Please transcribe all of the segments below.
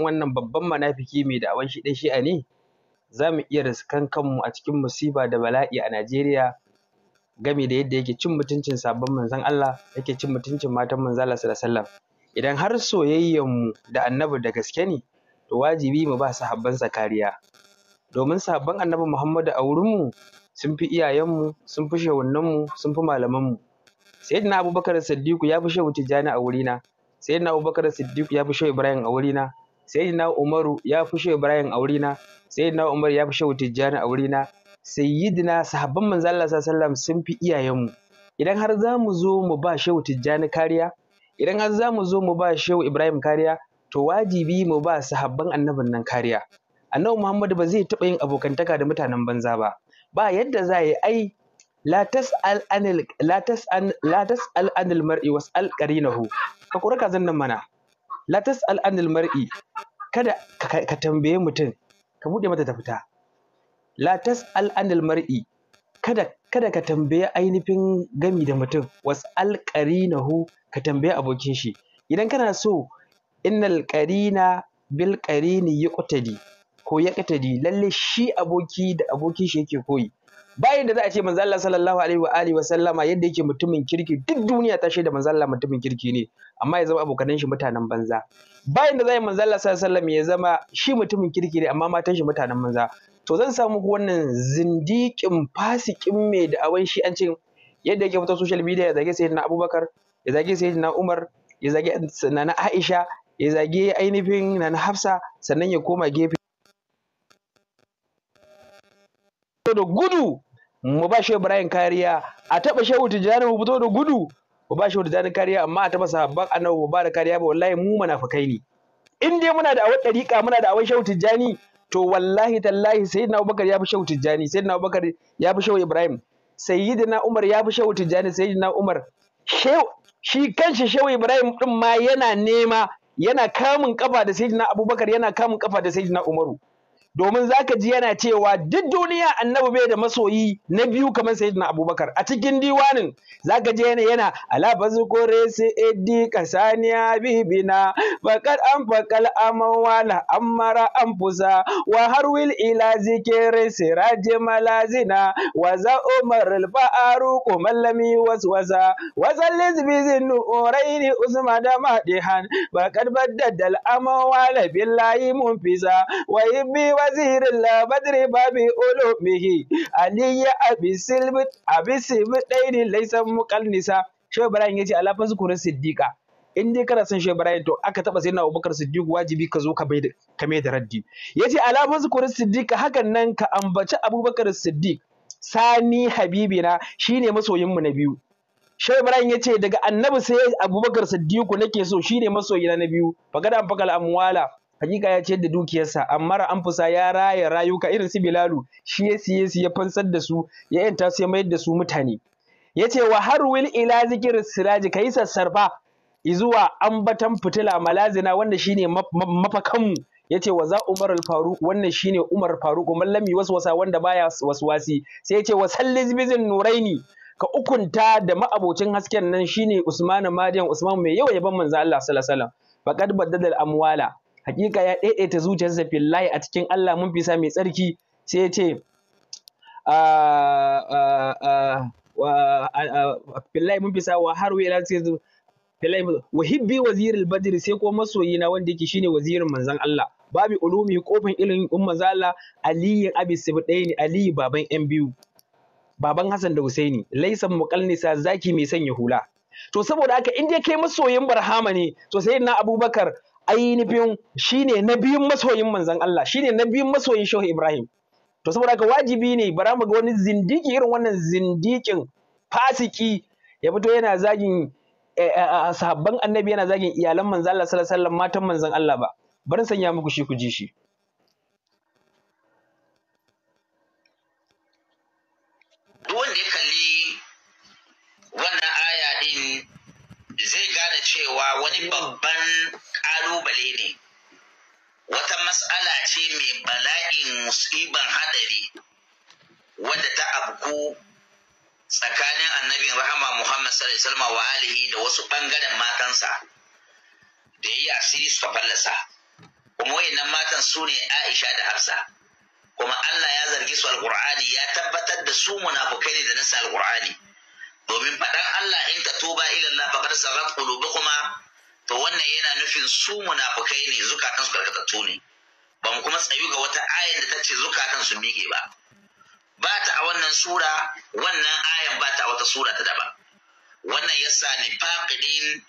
wannan babban munafiki mai da'awan shi ɗin shi'a ne za mu iya riskan kanmu a cikin musiba da bala'i a Najeriya game da yadda yake cin mutuncin sabon manzon Allah yake cin mutuncin matan manzon Allah sallallahu alaihi wasallam idan har soyayyan mu da annabi da gaske ne to wajibi mu ba sahabbansa kariya domin sahabban annabi Muhammadu a wurinmu sun fi iyayenmu sun fi shehunanmu sun fi malamanmu sayyidina abubakar siddiqu ya fi shehu tijjani a wurina sayyidina abubakar siddiqu ya fi shehu ibrahim a wurina sayyidina umaru ya fi shehu ibrahim a wurina sayyidina umaru ya fi shehu tijjani a wurina sayyidina sahabban manzo Allah sallallahu sun fi iyayenmu idan har za mu zo mu ba shehu tijjani kariya idan har za mu zo mu ba shehu ibrahim kariya to wajibi mu ba sahabban annabin nan kariya annabi muhammadu ba zai taɓa yin abokantaka da mutanen banza ba ba yadda za yi ai la tas'al anil la tas'al la tas'al anil mar'i was'al qarinahu ka kura kazan nan mana la tas'al anil mar'i kada ka tambaye mutum ka buɗe mata ta fita la tas'al anil mar'i kada kada ka tambaye ainihin gami da mutum was'al qarinahu ka tambaye abokin shi idan kana so innal qarina bil qarini yuqtadi ko yaqtadi lalle shi aboki da abokin shi yake koyi bayan da za a ce manzo Allah sallallahu alaihi wa alihi wa sallama yadda yake mutumin kirki duk duniya ta shaida manzo Allah mutumin kirki ne amma ya zama abokanan shi mutanen banza bayan da zai manzo Allah sallallahu alaihi wasallam ya zama shi mutumin kirkire amma matan shi mutanen banza to zan samu wannan zindikin fasikin me da awan shi an ce yadda yake fita social media ya zage sayyidina Abubakar ya zage sayyidina Umar ya zage nana Aisha ya zage ainihin nana Hafsa sannan ya koma gefe da gudu mu ba shi Ibrahim kariya a taba Shehu tijani mu fito da gudu ba ba shi wani danin kariya amma a taba sahabban annabi ba ba da kariya ba wallahi mu munafikai ne in dai muna da awar ɗariƙa, muna da awar shehu tijjani to wallahi tallahi sayyidina abubakar ya fi shehu tijjani sayyidina abubakar ya fi shehu ibrahim sayyidina umar ya fi shehu tijjani sayyidina umar shi kanshi shehu ibrahim din ma yana nema yana kamun kafa da sayyidina abubakar yana kamun kafa da sayyidina umaru domin za ka ji yana cewa duk duniya annabi bai da masoyi na biyu kamar sai na abubakar a cikin diwanin ka ji yana yana ala bazukore sai edi kasaniya bibina bakar an fakal amawa na amara an fusa wa harwil ila zikirin siraje malazina wa za umar alfa'aru kumallami waswasa wa zalli zibizin nu'uraini usma da madihan bakar baddadal aman wala billahi fisa wa biwa وزير لا بدر بابي Ali علي أبي سلم أبي سلم دين ليس مقلنسا شو براين يجي على فاز كورن Siddiqa. in dai kana son shi Ibrahim to aka taba sayyidina Abubakar Siddiq wajibi ka zo ka bai ka mai da raddi yace alamun zukurin Siddiq hakan nan ka ambaci Abubakar Siddiq sani habibina shine masoyin mu na biyu Shehu Ibrahim ya ce daga annabi sai Abubakar Siddiq nake so shine masoyina na biyu fagada an fagal amwala hakika ya ciyar da dukiyarsa amma an fusa ya raya rayuka irin su bilalu shi ya siye su ya fansar da su ya yanta su ya mayar da su mutane Ya ce wa har wil ila zikir siraji kai sassarfa izuwa ambatan fitila malazina wanda shine mafakanmu ce wa za Umar al-Faruq wannan shine Umar Faruq mallami waswasa wanda baya waswasi sai ya ce wa salliz bizin nuraini ka ukunta da ma'abocin hasken nan shine Usman Madiyan Usman mai yawa yaban manzo Allah sallallahu alaihi wasallam faqad baddal al-amwala hakika ya daidaita zuciyarsa fillahi a cikin Allah mun fisa mai tsarki sai ya ce ah, ah, ah, fillahi mun fisa wa har wela sai fillahi wa hibbi wazirul badri sai ko masoyi na wanda yake shine wazirin manzon Allah babu ulumi kofin ilimin umma zala aliyin abi sibdaini baban yan biyu baban hasan da Husaini laisan muqallisa zaki mai sanya hula to saboda haka in dai kai masoyin barhama ne to sai na Abubakar ainihin ne na biyun masoyin Manzan Allah shi ne na biyun masoyin Shehu Ibrahim to saboda haka wajibi ne bara mu ga wani zindiki irin wannan zindikin fasiki ya fito yana zagin eh, eh, eh, sahabban annabi yana zagin iyalan Manzan Allah sallallahu alaihi wasallam matan Manzan Allah ba bari sanya muku shi ku ji shi wanda ya kalli wannan aya din zai gane cewa wani babban ƙalubale ne wata matsala ce mai bala'in musiban hadari wadda ta abku tsakanin annabin rahama muhammad sallallahu wa alihi da wasu bangaren matansa da ya yi asiri suka fallasa kuma wayannan matan su ne aisha da hafsa kuma allah ya zargi su alƙur'ani ya tabbatar da su munafukai ne da nasa alƙur'ani domin faɗan allah in ka tuba ilallah faqad sarrat qulubukuma nufin su munafukai ne zukatan su karkatattu ne ba mu kuma tsayu ga wata ayan da ta ce zukatan su miƙe ba ba ta a wannan sura wannan ayan ba ta wata sura ta daban wannan yasa faƙirin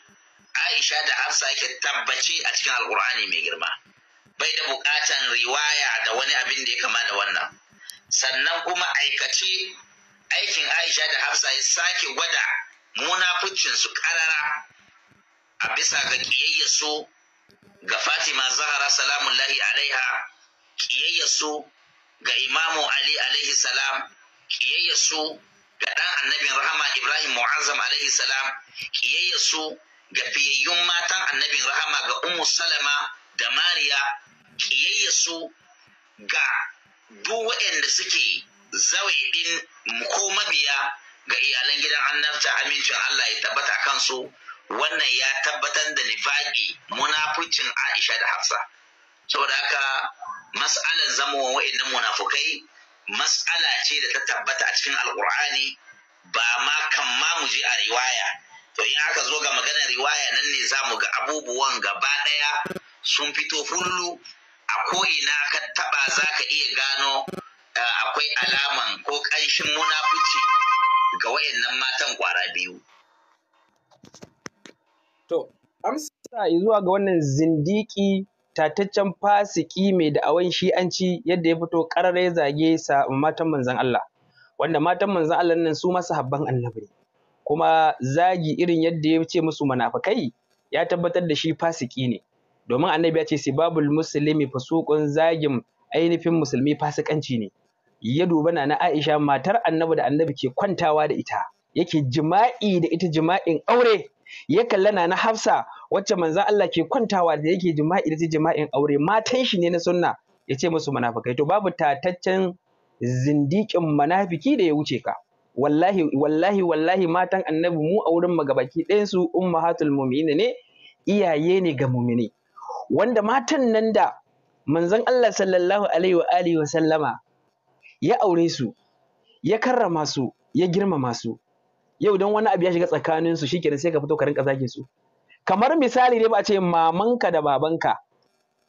Aisha da Hafsa yake tabbaci a cikin Alƙur'ani mai girma bai da buƙatan riwaya da wani abin da ya kama da wannan sannan kuma aikace aikin Aisha da Hafsa ya sake gwada munafucin su ƙarara. a bisa ga ƙiyayyarsu ga Fatima Zahara salamullahi alaiha ƙiyayyarsu ga Imamu Ali alaihi salam ƙiyayyarsu ga ɗan annabin rahama Ibrahim Mu'azzam alaihi salam ƙiyayyarsu ga fiyayyun matan annabin rahama ga Ummu Salama da Mariya ƙiyayyarsu ga duk waɗanda suke zawaidin ko mabiya ga iyalan gidan annabta amincin Allah ya tabbata kansu wannan ya tabbatar da nifaƙi munafucin Aisha da Hafsa saboda haka mas'alan zama wa'annan munafukai mas'ala ce da ta tabbata a cikin alkur'ani ba ma kan ma mu je a riwaya to in aka zo ga maganar riwaya nan ne za mu ga abubuwan gaba ɗaya sun fito fullu a ko'ina ka taɓa za ka iya gano eh, akwai alaman ko ƙanshin munafuci ga wayannan matan kwara biyu To, amsa zuwa ga wannan zindiki tataccen fasiki mai da'awan shi'anci yadda ya fito ƙarare zage sa matan manzan Allah. Wanda matan manzan Allah nan su masu habban annabi ne. Kuma zagi irin yadda ya ce musu munafukai ya tabbatar da shi fasiki ne. Domin annabi ya ce sibabul muslimi fusukun zagin ainihin musulmi fasikanci ne. Ya duba na Aisha matar annabi da annabi ke kwantawa da ita. Yake jima'i da ita jima'in aure ya kalla na na Hafsa wacce manzon Allah ke kwantawa da yake jima'i da jima'in aure matan shi ne na sunna ya ce musu munafikai to babu tataccen zindikin munafiki da ya wuce ka wallahi wallahi wallahi matan annabi mu a wurin magabaki ɗayan su ummahatul mu'minin ne iyaye ne ga mu'mini wanda matan nan da manzon Allah sallallahu alaihi wa alihi wa sallama ya aure su ya karrama su ya girmama su yau don wani abu ya shiga tsakanin su shikenan sai ka fito ka rinka zagin su kamar misali dai ba a ce mamanka da babanka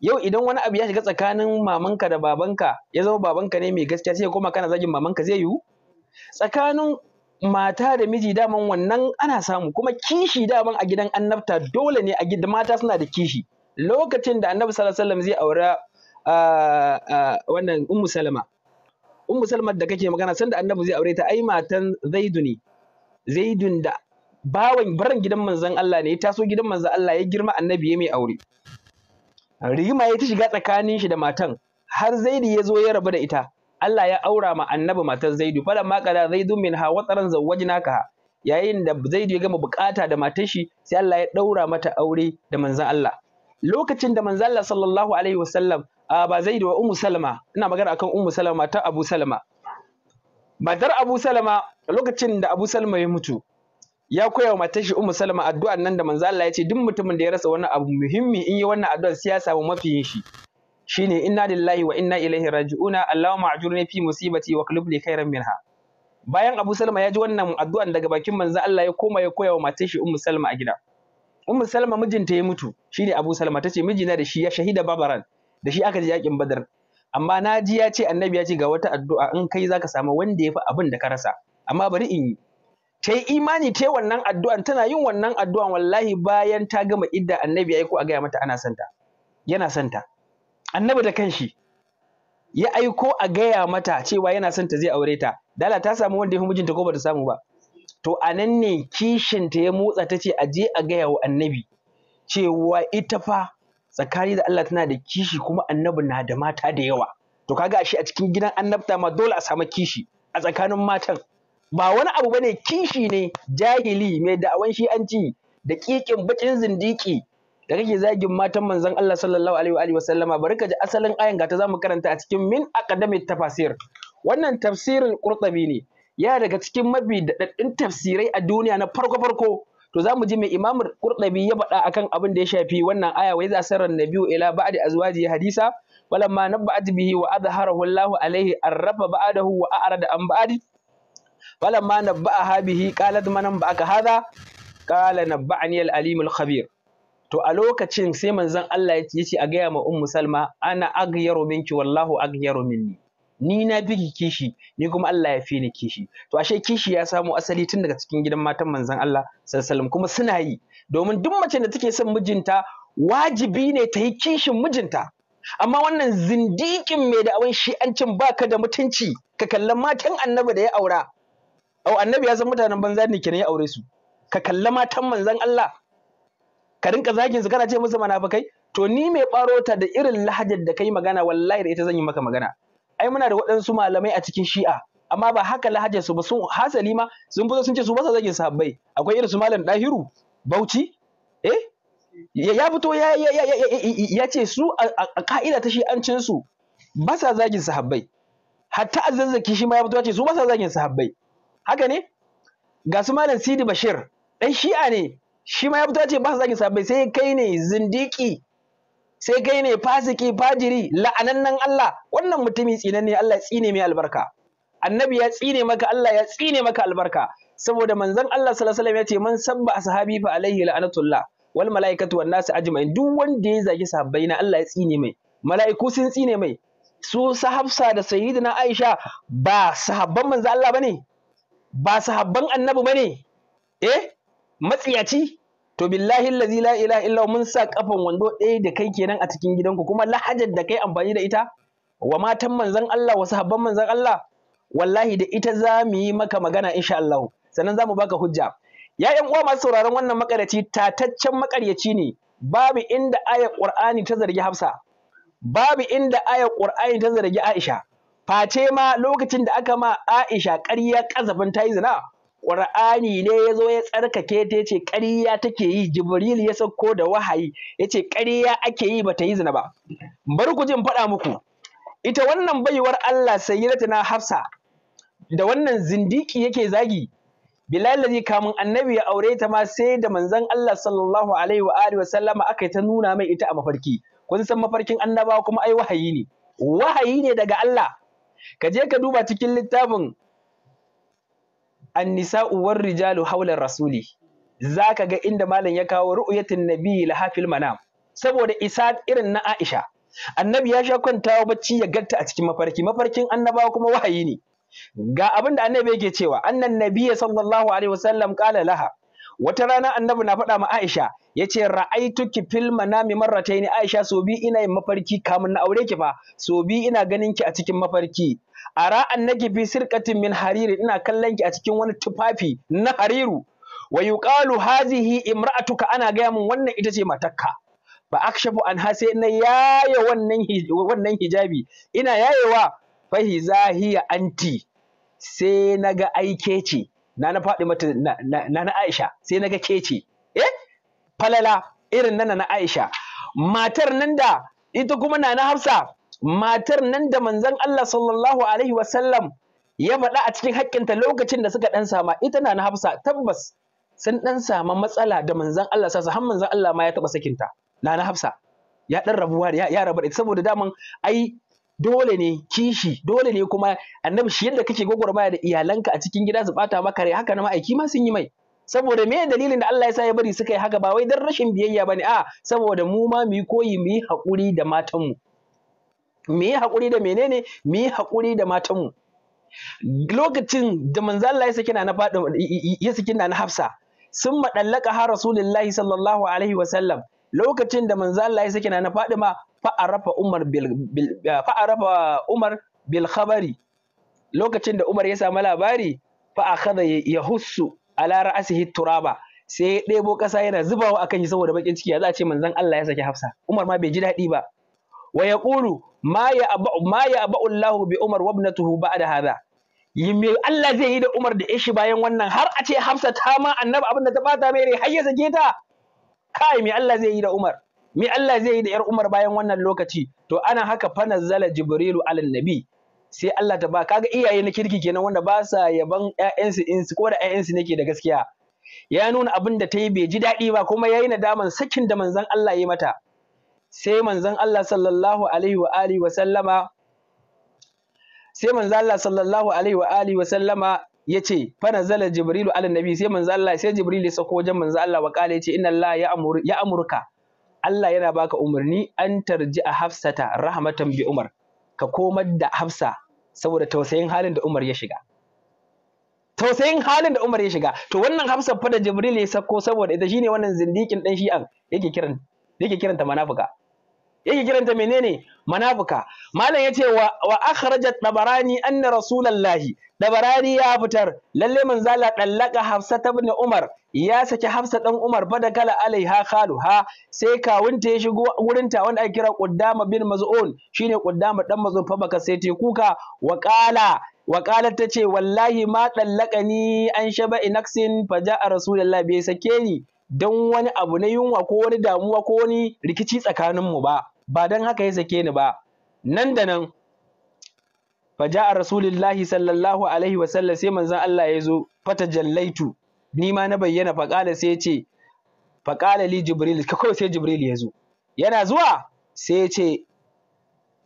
yau idan wani abu ya shiga tsakanin mamanka da babanka ya zama babanka ne mai gaskiya sai ya koma kana zagin mamanka zai yiwu tsakanin mata da miji daman wannan ana samu kuma kishi daman a gidan annabta dole ne a gidan mata suna da kishi lokacin da annabi sallallahu alaihi wasallam zai aura ah, ah, wannan ummu salama ummu salama da kake magana sanda annabi zai aure ta ai matan zaidu ne zaidun da bawan baran gidan manzon Allah ne ya taso gidan manzon Allah ya girma annabi ya mai aure rigima ya ta shiga tsakanin shi da matan har zaidu ya zo ya rabu da ita Allah ya aura ma annabi matar zaidu fala ma kada zaidu min ha wataran zawwajnaka yayin da zaidu ya gama bukata da matar shi sai Allah ya daura mata aure da manzon Allah lokacin da manzon Allah sallallahu alaihi wasallam ba zaidu wa ummu salama ina magana akan ummu salama ta abu salama matar Abu Salama lokacin da Abu Salama ya mutu ya koya wa matar shi Ummu Salama addu'an nan da manzo Allah ya ce duk mutumin da ya rasa wani abu muhimmi in yi wannan addu'ar sai ya samu mafiyin shi shine inna lillahi wa inna ilaihi raji'una Allahumma ajurni fi musibati wa qlib li khairan minha bayan Abu Salma ya ji wannan addu'an daga bakin manzo Allah ya koma ya koya wa matar shi Ummu Salma a gida Ummu Salma mijinta ya mutu shine Abu Salma tace mijina da shi ya shahida babaran da shi aka je yakin Badar amma na ji ya ce annabi ya ce ga wata addu'a in kai zaka samu wanda ya fi abin da ka rasa amma bari in yi ta imani ta wannan addu'an tana yin wannan addu'an wallahi bayan ta gama idda annabi ya yi ko a gaya mata ana santa yana santa annabi da kanshi ya aiko a gaya mata cewa yana santa zai aure ta dala ta samu wanda ya fi mijinta ko bata samu ba to a nan ne kishinta ya motsa ta ce a je a gaya wa annabi cewa ita fa tsakani da Allah tana da kishi kuma annabi na da mata da yawa to kaga ashe a cikin gidan annabta ma dole a samu kishi a tsakanin matan ba wani abu bane kishi ne jahili mai da'awan shi an ci da kikin bakin zindiki da kake zagin matan manzon Allah sallallahu alaihi wa alihi wasallama bari ka ji asalin ayan ga ta zamu karanta a cikin min aqdamit tafasir wannan tafsirin qurtubi ne ya daga cikin mafi daɗaɗɗun tafsirai a duniya na farko farko to za mu ji mai imamul kurɗabi ya faɗa akan abin da ya shafi wannan aya wai za sarar nabiyu ila ba'di azwaji hadisa walamma nabba'at bihi wa azharahu Allah alaihi arrafa ba'dahu wa a'rada an ba'di walamma nabba'aha bihi qalat man ba'aka hadha qala nabba'ani al-alim al-khabir to a lokacin sai manzon Allah ya ce a gaya ma ummu salma ana aghyaru minki wallahu aghyaru minni ni na fi kishi ni kuma Allah ya fi ni kishi to ashe kishi ya samu asali tun daga cikin gidan matan manzon Allah sallallahu kuma suna yi domin duk mace da take son mijinta wajibi ne ta yi kishin mijinta amma wannan zindikin mai da'awan shi'ancin baka da mutunci ka kallan matan annabi da ya aura au annabi ya san mutanen banza ne kenan ya aure su ka kalla matan manzon Allah ka rinka zagin su kana ce musu manafakai to ni mai barota da irin lahajar da kai magana wallahi da ita zan yi maka magana ai muna da waɗansu malamai a cikin shi'a amma ba haka lahajar su ba sun hasali ma sun fito sun ce su ba sa zagin sahabbai akwai irin su malam dahiru bauchi eh ya fito ya ya ya ya ce su a ka'ida ta shi'ancin su ba sa zagin sahabbai hatta azzazzaki shi ma ya fito ya ce su ba sa zagin sahabbai haka ne ga su malam sidi bashir dan shi'a ne shi ma ya fito ya ce ba sa zagin sahabbai sai kai ne zindiki sai kai ne fasiki fajiri la'anannan Allah wannan mutumi tsinanne Allah tsine mai albarka annabi ya tsine maka Allah ya tsine maka albarka saboda manzon Allah sallallahu alaihi wasallam ya ce man sabba ashabi fa alaihi la'anatullah wal malaikatu wan nasu ajma'in duk wanda ya zagi sahabbai na Allah ya tsine mai mala'iku sun tsine mai su sahabsa da sayyidina Aisha ba sahabban manzon Allah bane ba sahabban annabi bane eh matsiyaci to billahi allazi la ilaha illa mun sa kafan wando ɗaya da kai kenan a cikin gidanku kuma lahajar da kai amfani da ita wa matan manzon Allah wa sahabban manzon Allah wallahi da ita za mu yi maka magana insha Allah sannan za mu baka hujja ya ƴan uwa masu sauraron wannan makaryaci tataccen makaryaci ne babu inda ayar Qur'ani ta zargi Hafsa babu inda ayar Qur'ani ta zargi Aisha face ma lokacin da aka ma Aisha ƙarya ƙazafin ta yi zina Ƙur'ani ne ya zo ya tsarkake ta yace ƙarya take yi Jibril ya sauko da wahayi yace ƙarya ake yi bata yi zina ba bari ku jin faɗa muku ita wannan baiwar Allah na Hafsa da wannan zindiki yake zagi Bilal Bilalazi kamun annabi ya aure ta ma sai da manzon Allah sallallahu alaihi wa alihi wa sallama aka ta nuna mai ita a mafarki kun san mafarkin annabawa kuma ai wahayi ne wahayi ne daga Allah ka je ka duba cikin littafin an uwar uwar rijalu haular rasuli Za ka ga inda malam ya kawo ru'uyatin nabiyyi lahafil manam saboda isa irin na Aisha annabi ya sha kwantawa bacci ya gatta a cikin mafarki mafarkin annabawa kuma wahayi ne ga abinda da annabi yake cewa annan nabi sallallahu alaihi wasallam kala laha wata rana annabi na faɗa ma Aisha ya ce ki fil manami marrataini Aisha so bi ina yin mafarki kamun na aure ki fa so bi ina ganin ki a cikin mafarki ara annaki fi sirqatin min hariri ina kallon ki a cikin wani tufafi na hariru wa yuqalu hazihi imra'atuka ana gaya min wannan ita ce matakka fa akshafu an sai na yaye wannan wannan hijabi ina yayewa fa hizahiya anti sai naga aike ce na na faɗi mata na na Aisha sai naga ke ce eh falala irin nana na Aisha matar nan da ita kuma na na Hafsa matar nan da manzon Allah sallallahu alaihi wasallam ya faɗa a cikin haƙƙinta lokacin da suka ɗan sama ita na Hafsa tabbas sun ɗan sama matsala da manzon Allah sasa har manzon Allah ma ya taɓa sakinta na na Hafsa ya ɗan rabuwa ya, ya rabu ita saboda daman ai dole ne kishi dole ne kuma annabi shi yadda kake gwagwarmaya da iyalanka a cikin gida su bata maka rai haka na ma'aiki ma sun yi mai saboda me dalilin da Allah ya sa ya bari suka yi haka ba wai dan rashin biyayya bane a saboda mu ma mu yi koyi mu yi haƙuri da matanmu mu yi haƙuri da menene mu yi haƙuri da matanmu lokacin da manzo Allah ya saki na faɗin ya saki na Hafsa sun madallaka ha Rasulullahi sallallahu alaihi wa sallam lokacin da manzo Allah ya saki na Fadima fa arafa Umar bil fa arafa Umar bil khabari lokacin da Umar ya samu labari fa akhadha yahussu ala ra'sihi turaba sai ya ɗebo ƙasa yana zubawa akan shi saboda bakin ciki ya za a ce manzon Allah ya saki Hafsa Umar ma bai ji daɗi ba wa ma ya ma ya Allahu bi Umar wa ibnatuhu ba'da hadha me Allah zai yi da Umar da ishi bayan wannan har a ce Hafsa ta ma annabi abin da ta bata mai rai har ya sake ta kai me Allah zai yi da Umar me Allah zai yi da yar Umar bayan wannan lokaci to ana haka fa nazzala Jibrilu alan nabi sai Allah ta ba kaga iyaye na kirki kenan wanda ba sa yaban ƴaƴansu in su ko da ƴaƴansu nake da gaskiya ya nuna abin da ta yi bai ji daɗi ba kuma ya yi nadaman sakin da manzon Allah ya mata sai manzon Allah sallallahu alaihi wa alihi wa sallama sai manzon Allah sallallahu alaihi wa alihi wa sallama yace fa nazala jibrilu ala nabi sai manzon Allah sai jibril ya sako wajen manzon Allah wa kale yace inna Allah ya amur ya amurka Allah yana baka umarni an tarji a Hafsata rahmatan bi Umar ka komar da Hafsa saboda tausayin halin da Umar ya shiga tausayin halin da Umar ya shiga to wannan Hafsa fa da Jibril ya sako saboda ita shine wannan zindikin dan shi'an yake kiran yake kiranta manafuka. yake kiranta menene manafuka malam yace wa wa akhrajat dabarani anna rasulullahi dabarani ya fitar lalle manzo Allah dallaka Hafsa ibn Umar ya saki Hafsa dan Umar kala alaiha khaluha sai kawunta ya shigo wurinta wanda ake kira Quddama bin Maz'un shine Quddama dan Maz'un fa baka sai te kuka wa qala wa qala tace wallahi ma ni an inaksin naksin faja'a rasulullahi bai sake ni dan wani abu na yunwa ko wani damuwa ko wani rikici tsakaninmu ba ba dan haka ya sake ni ba nan da nan faja'a rasulullahi sallallahu alaihi wa sallam sai manzon Allah ya zo fata jallaitu ni ma na bayyana faqala sai ya ce faqala li jibril kawai sai jibril ya zo yana zuwa sai ya ce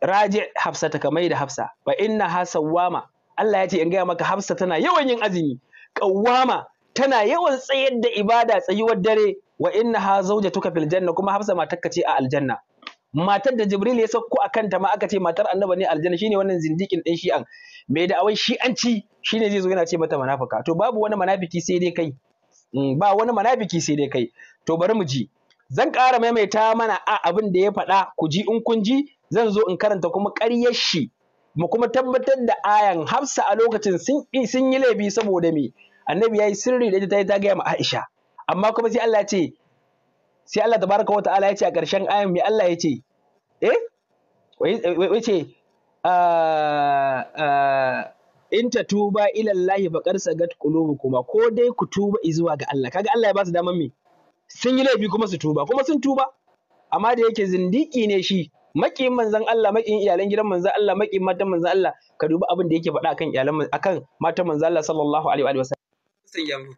raji hafsa ta kamai da hafsa fa inna ha sawama Allah ya ce in gaya maka hafsa tana yawan yin azumi ƙawwama tana yawan tsayar da ibada tsayuwar dare wa inna ha zaujatuka fil janna kuma hafsa matarka ce a aljanna matar da jibril ya sauko a kanta ma aka ce matar annaba ne aljanna shine wannan zindikin din shi'an mai da awai shi'anci shine zai zo yana ce mata munafika to babu wani manafiki sai dai kai mm, ba wani manafiki sai dai kai to bari mu ji zan ƙara maimaita mana a abin da ya faɗa ku ji in kun ji zan zo in karanta kuma ƙaryar shi mu kuma tabbatar da ayan hafsa a lokacin sun yi laifi saboda me annabi ya yi sirri da ita ta yi ta gaya ma aisha amma kuma sai Allah ya ce sai Allah tabaraka wa ta'ala ya ce a ƙarshen ayan mai Allah ya ce eh wace ce ah, ah, in ta tuba ila Allah faqad sagat kuma, ko dai ku tuba izuwa ga Allah kaga Allah ya ba su daman me sun yi laifi kuma su tuba kuma sun tuba amma da yake zindiki ne shi maƙiyin manzan Allah maƙiyin iyalan gidan manzan Allah maƙiyin matan manzan Allah ka dubi abin da yake faɗa akan iyalan akan matan manzan Allah sallallahu alaihi wa sallam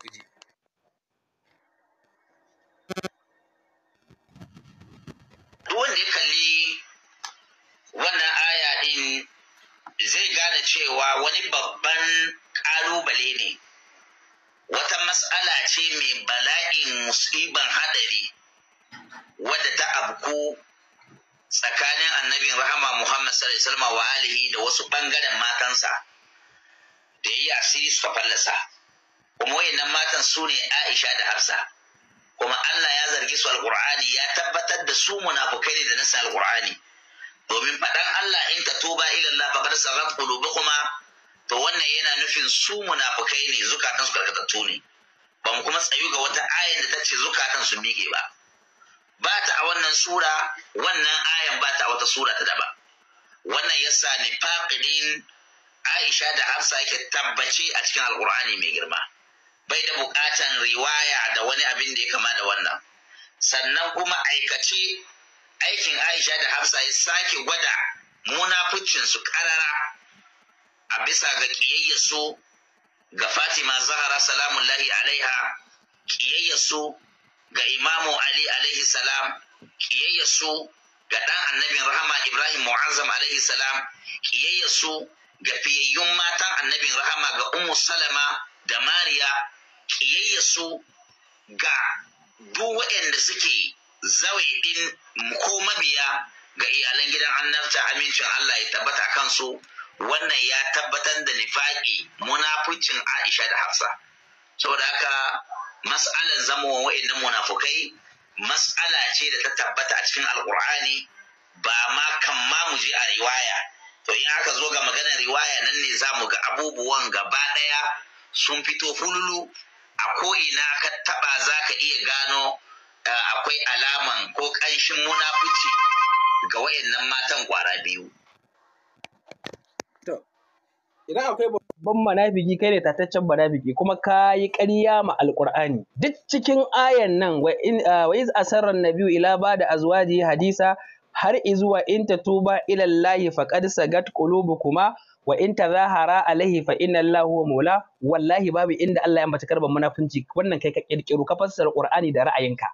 wanda ya kalli wannan aya din zai gane cewa wani babban ƙalubale ne wata matsala ce mai bala'in musiban hadari wadda ta abku tsakanin annabin rahama muhammad sallallahu wa alihi da wasu bangaren matansa da ya yi asiri su fallasa kuma wayannan matan su ne aisha da hafsa kuma Allah ya zargi su alqur'ani ya tabbatar da su munafukai ne da nasa alqur'ani domin faɗan Allah in ka tuba ila Allah faqad kuma, qulubukuma to wannan yana nufin su munafukai ne zukatan su karkatattu ne ba mu kuma tsayu ga wata ayan da tace zukatan su miƙe ba ba ta a wannan sura wannan ayan ba ta wata sura ta daba. wannan yasa nifaqin Aisha da Hafsa yake tabbace a cikin Alƙur'ani mai girma bai da bukatan riwaya da wani abin da ya kama da wannan sannan kuma aikace aikin aisha da hafsa ya sake gwada su karara a bisa ga ƙiyayyarsu ga fatima zahara lahi alaiha ƙiyayyarsu ga imamu ali alaihi salam ƙiyayyarsu ga ɗan annabin rahama ibrahim mu'azzam alaihi salam ƙiyayyarsu ga fiyayyun matan annabin rahama ga ummu salama da mariya su ga duk waɗanda suke zawai ɗin ko mabiya ga iyalan gidan annabta amincin Allah ya tabbata kansu wannan ya tabbatar da nifaƙi munafucin Aisha da Hafsa saboda haka mas'alan zama waɗannan munafukai mas'ala ce da ta tabbata a cikin alkur'ani ba ma kan ma mu je a riwaya to in aka zo ga maganar riwaya nan ne za mu ga abubuwan gaba ɗaya sun fito fululu a ko'ina ka taba za ka iya gano eh, akwai alaman ko ƙanshin munafuci ga wayannan matan ƙwara biyu. Idan akwai babban manafiki kai ne tataccen manafiki kuma ka yi ƙarya ma alƙur'ani duk cikin ayan nan wa eh, iz asarran nabiyu ila ba da azwaji hadisa har izuwa in tatuba tuba ilallahi faqad sagat qulubukuma kuma wa in tazahara alaihi fa inna Allahu wa mawla wallahi babu inda Allah ya ambata karban munafunci wannan kai ka kirkiro ka fassara Qur'ani da ra'ayinka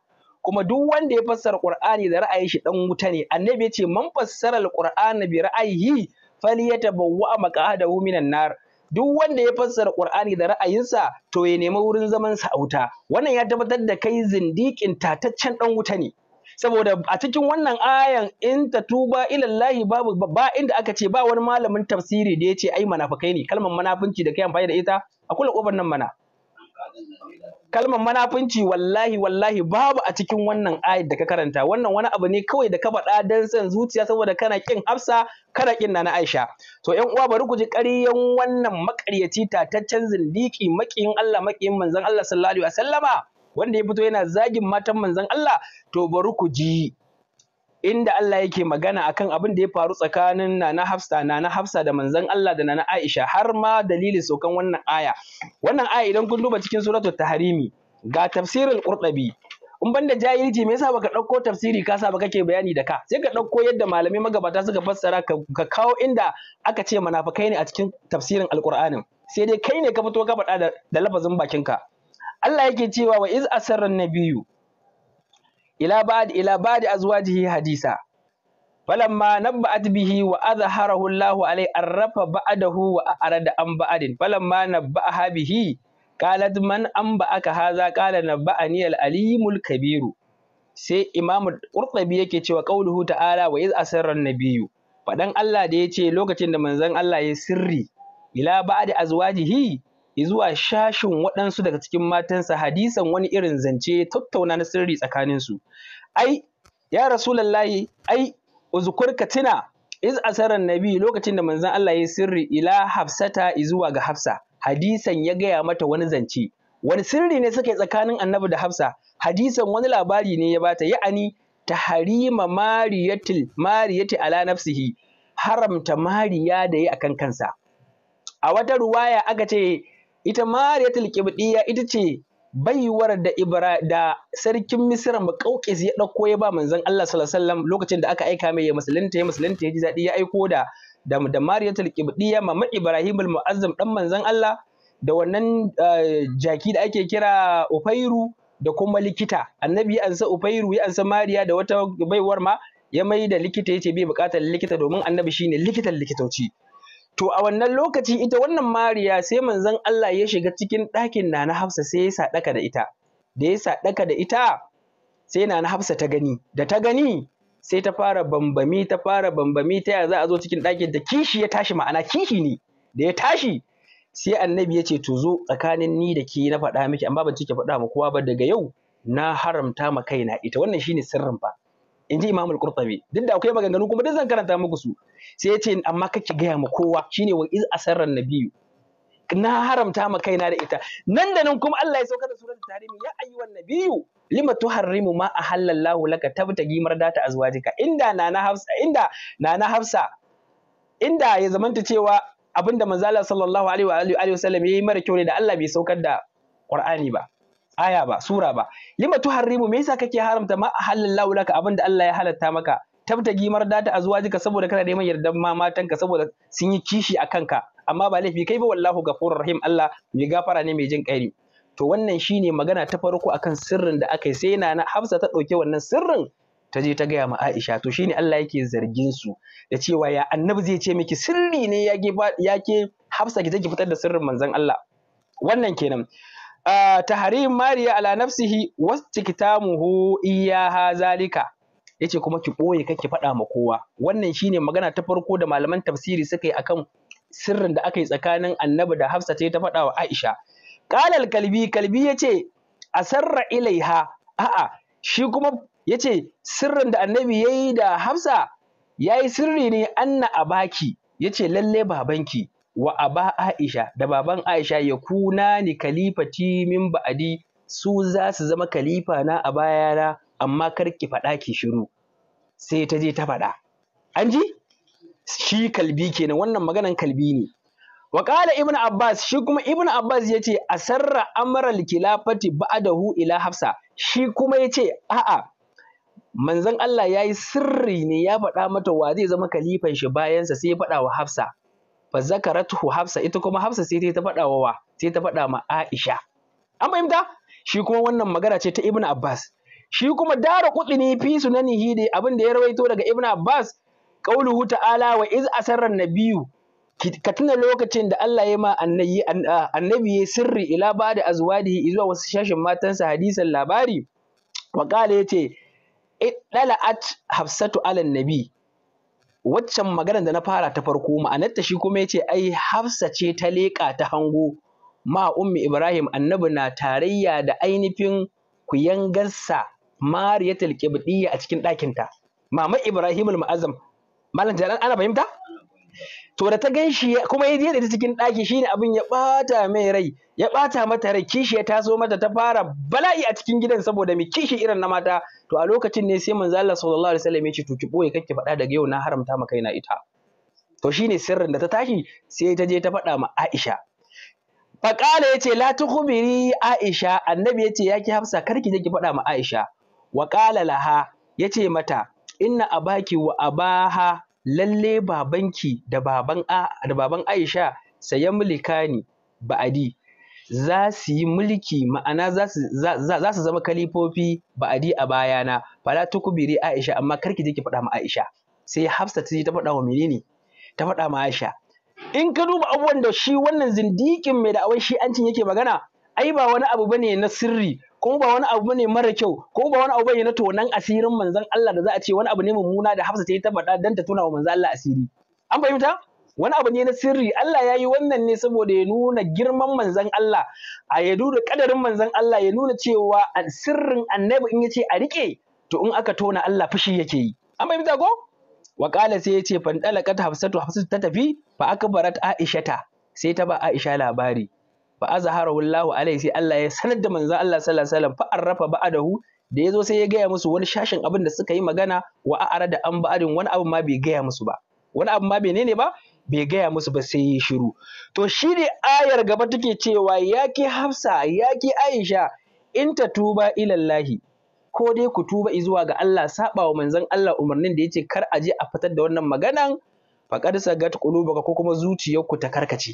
kuma duk wanda ya fassara Qur'ani da ra'ayin shi dan wuta ne annabi ya ce man fassara alqur'ana bi ra'ayihi falyatabawwa maq'adahu minan nar duk wanda ya fassara Qur'ani da ra'ayinsa to ya nemi wurin zaman sa a wuta wannan ya tabbatar da kai zindikin tataccen dan wuta ne saboda a cikin wannan ayan in ta tuba ilallahi babu ba inda aka ce ba wani malamin tafsiri da ya ce ai munafikai ne kalmar munafunci da kai amfani da ita a kula kofar nan mana kalmar munafunci wallahi wallahi babu a cikin wannan ayat da ka karanta wannan wani abu ne kawai da ka faɗa dan san zuciya saboda kana kin Hafsa kana kin Nana Aisha to ƴan uwa bari ku ji ƙaryan wannan ta tataccen zindiki makiyin Allah makiyin manzon Allah sallallahu alaihi wasallama wanda ya fito yana zagin matan manzon Allah to bari ku ji inda Allah yake magana akan abin da ya faru tsakanin Nana Hafsa Nana Hafsa da manzon Allah da Nana Aisha har ma dalilin saukan wannan aya wannan aya idan kun duba cikin suratul tahrimi ga tafsirin Qurtubi in banda jahilci me yasa baka ɗauko tafsiri ka sa baka kake bayani da ka sai ka ɗauko yadda malamai magabata suka fassara ka kawo inda aka ce munafakai ne a cikin tafsirin alqur'anin sai dai kai ne ka fito ka faɗa da lafazin bakinka Allah yake cewa wa iz asarra nabiyu ila ba'd ila ba'd azwajihi hadisa falamma nabba'at bihi wa azharahu Allahu alai arrafa ba'dahu wa arada an ba'din falamma nabba'aha bihi qalat man anba'aka hadha qala nabba'ani al-alimul kabiru sai imam qurtubi yake cewa qauluhu ta'ala wa iz asarra nabiyu fadan Allah da yace lokacin da manzon Allah ya sirri ila ba'd azwajihi zuwa shashin waɗansu daga cikin matansa hadisan wani irin zance tattauna na sirri tsakaninsu ai ya rasulallahi ai uzukur ka tuna iz asaran nabi lokacin da manzon Allah ya sirri ila hafsata izuwa ga hafsa hadisan ya gaya mata wani zance wani sirri ne suka tsakanin annabi da hafsa hadisan wani labari ne ya bata ya'ani taharima mariyatil mariyati ala nafsihi haramta mariya da yi akan kansa a wata ruwaya aka ce ita mariyatul kibdiya ita ce baiwar da ibra da sarkin misra muƙauƙis ya ɗauko ya ba manzon Allah sallallahu alaihi wasallam lokacin da aka aika mai ya musulunta ya musulunta ya ji daɗi ya aiko da da, da mariyatul kibdiya mama ibrahim al-mu'azzam dan manzon Allah da wannan eh, jaki da ake kira ufairu da kuma likita annabi ya ansa ufairu ya ansa mariya da wata baiwar ma ya mai da likita yace ce bai bukatar likita domin annabi shine likitan likitoci To a wannan lokaci ita wannan Mariya sai manzon Allah ya shiga cikin ɗakin Nana Hafsa sai ya saɗaka da ita. Da ya saɗaka da ita sai Nana Hafsa ta gani. Da ta gani sai ta fara bambami ta fara bambami ta ya za a zo cikin ɗakin ta kishi ya tashi ma'ana kishi ne. Da ya tashi sai annabi ya ce to zo tsakanin ni da ke na faɗa miki amma ban cike faɗa ma kowa ba daga yau na haramta ma kaina ita wannan shine sirrin fa. in ji imamul qurtubi duk da akwai maganganu kuma duk zan karanta muku su sai ya ce amma kake gaya ma kowa shine wa iz asarran nabiyyu na haramta ma kaina da ita nan da nan kuma Allah ya sauka da suratul tahrimi ya ayyuhan Nabiyu. lima tuharrimu ma ahallallahu laka tabtagi mardata azwajika inda nana hafsa inda nana hafsa inda ya zamanta cewa abinda manzala ya sallallahu alaihi wa alihi wasallam yayi mara kyau ne da Allah bai saukar da Qur'ani ba aya ba sura ba lima tuharrimu me yasa kake haramta ma halallahu laka abinda Allah ya halatta maka gimar a zuwa jika saboda kana neman yardan ma matanka saboda sun yi kishi a kanka amma ba laifi kai ba wallahu gafurur rahim Allah mai gafara ne mai jin kairi to wannan shine magana ta farko akan sirrin da aka yi sai na Hafsa ta ɗauke wannan sirrin ta je ta gaya ma Aisha to shine Allah yake zargin su da cewa ya annabi zai ce miki sirri ne ya ke Hafsa ki je ki fitar da sirrin manzon Allah wannan kenan tahrim mariya ala nafsihi wastiktamuhu iyaha zalika yace kuma ki boye kake faɗa ma kowa wannan shine magana ta farko da malaman tafsiri suka yi akan sirrin da aka yi tsakanin annabi da hafsa ta ta faɗa wa aisha qalal kalbi kalbi yace asarra ilaiha a'a shi kuma yace sirrin da annabi yayi da hafsa yayi sirri ne anna abaki yace lalle babanki wa aba aisha da baban aisha ya kuna ni kalifati min ba'adi su za su zama kalifa na a bayana amma kar ki faɗa ki shiru sai ta je ta faɗa an ji shi kalbi kenan wannan maganan kalbi ne wa qala ibnu abbas shi kuma ibnu abbas yace asarra al kilafati ba'dahu ila hafsa shi kuma yace a'a manzon Allah yayi sirri ne ya faɗa mata wa zai zama kalifan shi bayansa sai ya faɗa wa hafsa fa zakaratuhu hafsa ita kuma hafsa sai ta faɗa wa sai ta faɗa ma aisha an fahimta shi kuma wannan magana ce ta ibn abbas shi kuma dara kudini fi sunanihi da abin da ya rawaito daga ibn abbas qauluhu ta'ala wa iz asarra Nabiyu. ka tuna lokacin da Allah ya ma annabi ya sirri ila ba da azwadihi zuwa wasu shashin matansa hadisan labari wa qala yace ce hafsatu alan nabi waccan maganar da na fara ta farko ma'anarta shi kuma ce ai Hafsa ce ta leƙa ta hango ma ummi Ibrahim annabi na tarayya da ainihin kuyangarsa Mariyatul Qibdiyya a cikin ɗakinta mama Ibrahim al-Mu'azzam malam ana fahimta to da ta gan shi kuma ya je da ta cikin ɗaki shine abin ya ɓata mai rai ya ɓata mata rai kishi ya taso mata ta fara bala'i a cikin gidan saboda mai kishi irin na mata to a lokacin ne sai manzo Allah sallallahu alaihi wasallam ya ce to ki boye kake faɗa daga yau na haramta maka kaina ita to shine sirrin da ta tashi sai ta je ta faɗa ma Aisha faqala yace la tukhbiri Aisha annabi yace yaki Hafsa kar ki je ki faɗa ma Aisha wa qala laha yace mata inna abaki wa abaha lalle babanki da baban a da baban Aisha sayamlikani ba'adi za su yi mulki ma'ana za su zama kalifofi ba'adi a baya bayana fala tukubiri Aisha amma kar ki je ki faɗa ma Aisha sai Hafsa ta je ta faɗa wa menene ta faɗa ma Aisha in ka duba abubuwan da shi wannan zindikin mai da'awar shi ancin yake magana ai ba wani abu bane na sirri kuma ba wani abu bane mara kyau kuma ba wani abu bane na tonan asirin manzon Allah da za a ce wani abu ne mummuna da Hafsa ta yi ta faɗa dan ta tuna wa manzon Allah asiri an fahimta wani abu ne na sirri Allah ya yi wannan ne saboda ya nuna girman manzan Allah a ya da kadarin manzon Allah ya nuna cewa sirrin annabi in ya ce a rike to in aka tona Allah fushi yake yi an fahimta ko wa qala sai yace dalakat hafsatu hafsatu ta tafi fa akbarat aishata sai ta ba aisha labari fa azharahu Allah alaihi sai Allah ya sanar da manzan Allah sallallahu alaihi wasallam fa arrafa ba'dahu da ya zo sai ya gaya musu wani shashin abin da suka yi magana wa a'ara da an ba'adin wani abu ma bai gaya musu ba wani abu ma bai ne ba bai gaya musu ba sai yi shiru to shi ne ayar gaba take cewa ya ke hafsa ya ke aisha in ta tuba ilallahi ko dai ku tuba zuwa ga Allah saba wa manzon Allah umarnin da ya ce kar a je a fitar da wannan maganan faqad sagat qulubaka ko kuma zuciyarku ta karkace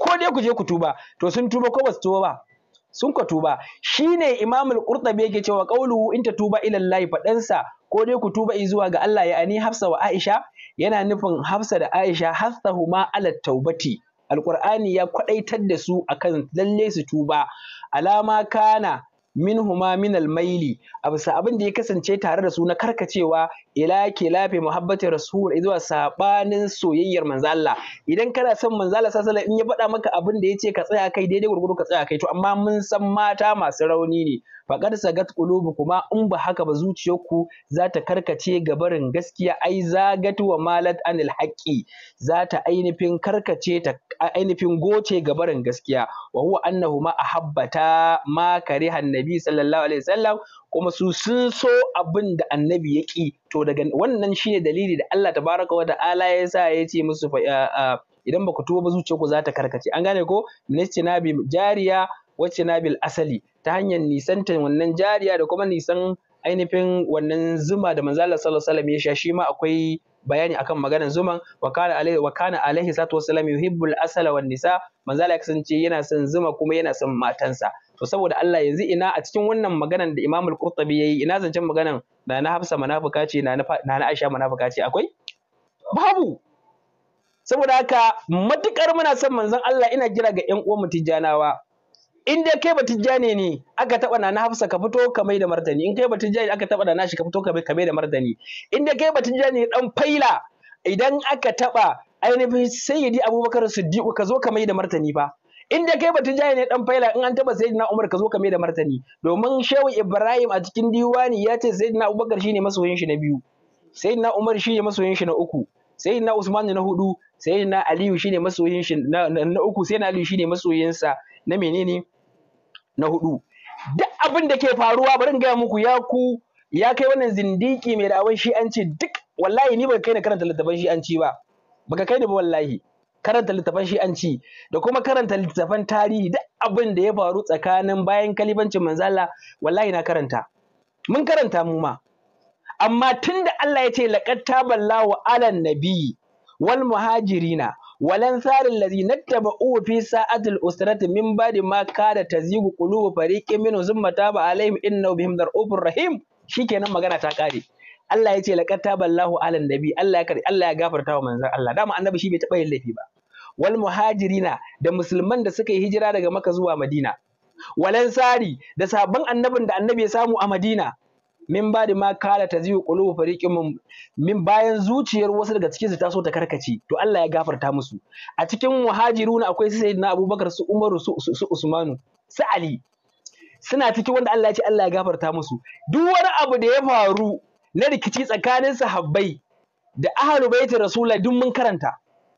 ko dai ku je ku tuba to sun tuba ko basu tuba ba sun ka tuba shine imamul qurtubi yake cewa qawluhu in ta tuba ilallahi faɗansa. ko dai ku tuba zuwa ga Allah ya ani hafsa wa aisha yana nufin Hafsa da Aisha hasahuma ala taubati alqur'ani ya kwadaitar da su akan lalle su tuba alama kana min huma min almaili a abin da ya kasance tare da su na karkacewa ila kilafi muhabbatin rasul zuwa sabanin soyayyar manzo Allah idan kana son manzo Allah sallallahu in ya faɗa maka abin da yace ka tsaya kai daidai gurguru ka tsaya kai to amma mun san mata masu rauni ne faqad sagat kuma in ba haka ba zuciyarku za ta karkace ga barin gaskiya ai zagat wa malat anil haqqi za ta ainifin karkace ta ainifin goce ga barin gaskiya wa huwa annahu ma ahabbata ma kariha annabi sallallahu alaihi wasallam kuma su sun so abin da annabi ya ki to daga wannan shine dalili da Allah tabaraka wa ta'ala ya sa ya ce musu idan ba ku tuba ba zuciyarku za ta karkace an gane ko minasci nabi jariya wacce nabil asali ta hanyar ta wannan jariya da kuma nisan ainihin wannan zuma da manzo Allah sallallahu alaihi wasallam ya sha shi ma akwai bayani akan maganar zuman wa kana alaihi wa kana alaihi salatu wasallam yuhibbul asala wan nisa manzo Allah ya kasance yana son zuma kuma yana son matansa to saboda Allah yanzu ina a cikin wannan maganar da Imam Al-Qurtubi yayi ina zancen maganar da na Hafsa munafika ce na na Aisha munafika ce akwai babu saboda haka matukar muna son manzon Allah ina jira ga ƴan uwan mutijanawa in dai kai jane ne aka taba na Hafsa ka fito ka mai da martani in kai jane aka taba na shi ka fito ka mai da martani in dai kai jane dan faila idan aka taba ainihin sayyidi Abubakar Siddiq ka zo ka mai da martani fa in dai kai batun jane ne dan faila in an taba sayyidina Umar ka zo ka mai da martani domin Shehu Ibrahim a cikin diwani ya ce sayyidina Abubakar shine masoyin shi na biyu sayyidina Umar shine masoyin shi na uku sayyidina Usman na hudu sayyidina Aliyu shine masoyin shi na, uku sayyidina Aliyu shine masoyin sa na menene na hudu duk abin da ke faruwa bari in gaya muku ya ku ya kai wannan zindiki mai da'awar shi'anci duk wallahi ni baka kai ni karanta littafin shi'anci ba baka kai ni ba wallahi karanta littafin shi'anci da kuma karanta littafin tarihi duk abin da ya faru tsakanin bayan kalibancin manzala wallahi na karanta mun karanta mu ma amma tunda Allah ya ce laqad taballahu alan nabi wal muhajirina walan tsarin lazi nattaba uhu fi sa'atil usrati min ba'di ma kada tazigu qulubu fariqin minhum thumma taba alaihim innahu bihim dar'ufur rahim shikenan magana ta kare Allah ya ce laqad taballahu alan nabi Allah ya kare Allah ya gafarta wa manzan Allah dama annabi shi bai taba yin laifi ba wal muhajirina da musulman da suka yi hijira daga Makka zuwa Madina walan sari da sabon annabin da annabi ya samu a Madina min ba da ma kala ta ziyu fariƙin Mun min bayan zuciyar wasu daga cikin su ta so ta karkace to Allah ya gafarta musu a cikin muhajiruna akwai su sayyidina Abubakar su Umaru su, Usmanu su Ali suna cikin wanda Allah ya ce Allah ya gafarta musu duk wani abu da ya faru na rikici tsakanin sahabbai da ahlul baiti rasulullahi duk mun karanta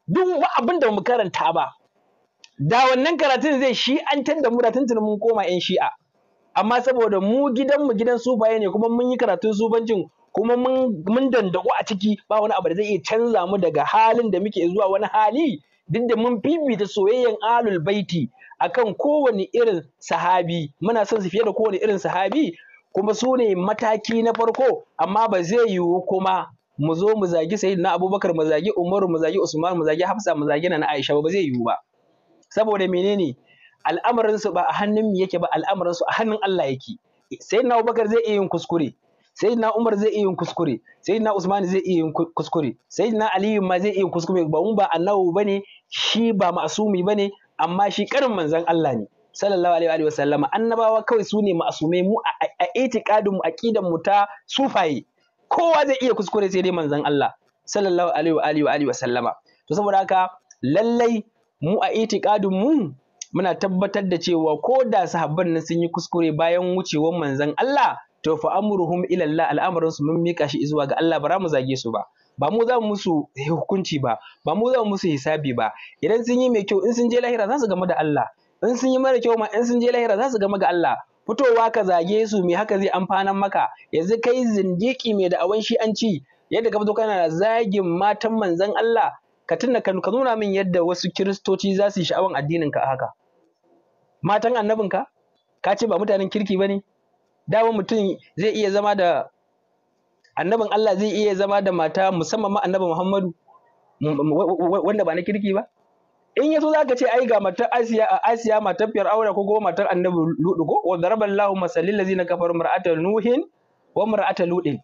duk abin da mu karanta ba da wannan karatun zai shi an tanda mu da tuntun mun koma yan shi'a amma saboda mu gidanmu gidan sufaye ne kuma mun yi karatun sufancin kuma mun dandaku a ciki ba wani abu da zai iya canza mu daga halin da muke zuwa wani hali duk da mun bibita soyayyen alul baiti akan kowane irin sahabi muna son su fiye da kowane irin sahabi kuma su ne mataki na farko amma ba zai yiwu kuma mu zo mu zagi sayyid na abubakar mu zagi umaru mu zagi usman mu zagi hafsa mu zagi na aisha ba zai yiwu ba saboda menene su ba a hannun mu yake ba su a hannun Allah yake sai na Abubakar zai iya yin kuskure sai na Umar zai iya yin kuskure sai na Usman zai iya yin kuskure sai na Aliyu ma zai iya yin kuskure ba mun ba annabi bane shi ba ma'asumi bane amma shi karin manzon Allah ne sallallahu alaihi wa sallama annabawa kawai su ne ma'asumai mu a itikadin mu aqidan mu ta sufaye kowa zai iya kuskure sai dai manzon Allah sallallahu alaihi wa sallama to saboda haka lallai mu a itikadin mu muna tabbatar da cewa ko da sahabban nan sun yi kuskure bayan wucewar manzon Allah to fa amruhum ila Allah al'amarin su mun mika shi zuwa ga Allah ba mu zage su ba ba mu za mu musu hukunci ba ba mu za mu musu hisabi ba idan sun yi mai kyau in sun je lahira za su gama da Allah in sun yi mara kyau ma in sun je lahira za su gama ga Allah fitowa ka zage su me haka zai amfana maka yanzu kai zindiki mai da awan shi an ci yadda ka fito kana zagin matan manzon Allah ka tuna ka nuna min yadda wasu kiristoci za su yi sha'awan addinin ka haka matan annabinka ka ce ba mutanen kirki ba ne dama mutum zai iya zama da annabin Allah zai iya zama da mata musamman ma annabi Muhammadu wanda ba na kirki ba in yaso zaka ce ai ga matar Asiya a Asiya matar Fir'auna ko goma matar annabi luɗu ko wa daraballahu masalil ladzina kafaru mar'ata nuhin wa mar'ata luɗin?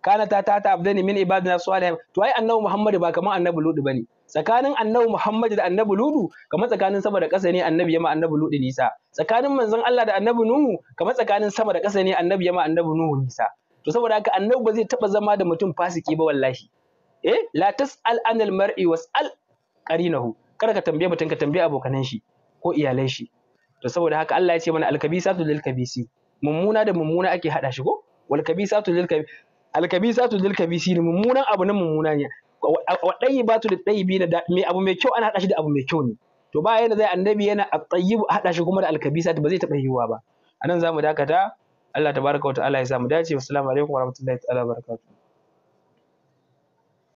kana ta ta ta abdani min ibadina salihin to ai annabi Muhammadu ba kamar annabi Lutu bane tsakanin annabi Muhammadu da annabi Ludu kamar tsakanin sama da ƙasa ne annabi yama annabi Ludu nisa tsakanin manzon Allah da annabi Nuhu kamar tsakanin sama da ƙasa ne annabi yama annabi Nuhu nisa to saboda haka annabi ba zai taɓa zama da mutum fasiki ba wallahi eh la tas'al anil mar'i was'al qarinahu kada ka tambaye mutum ka tambaye abokanan shi ko iyalan shi to saboda haka Allah ya ce mana alkabisatu lil kabisi mummuna da mummuna ake hada shi ko wal kabisatu lil kabisi alkabisatu lil kabisi mummunan abu na mummuna ne wa da ɗayi da mai abu mai kyau ana haɗa shi da abu mai kyau ne to ba yana zai annabi yana at a haɗa shi kuma da al-kabisa ba zai taɓa yiwuwa ba A nan za mu dakata Allah ta baraka wa ta'ala ya samu dace Wasu alaikum warahmatullahi ta'ala barakatuh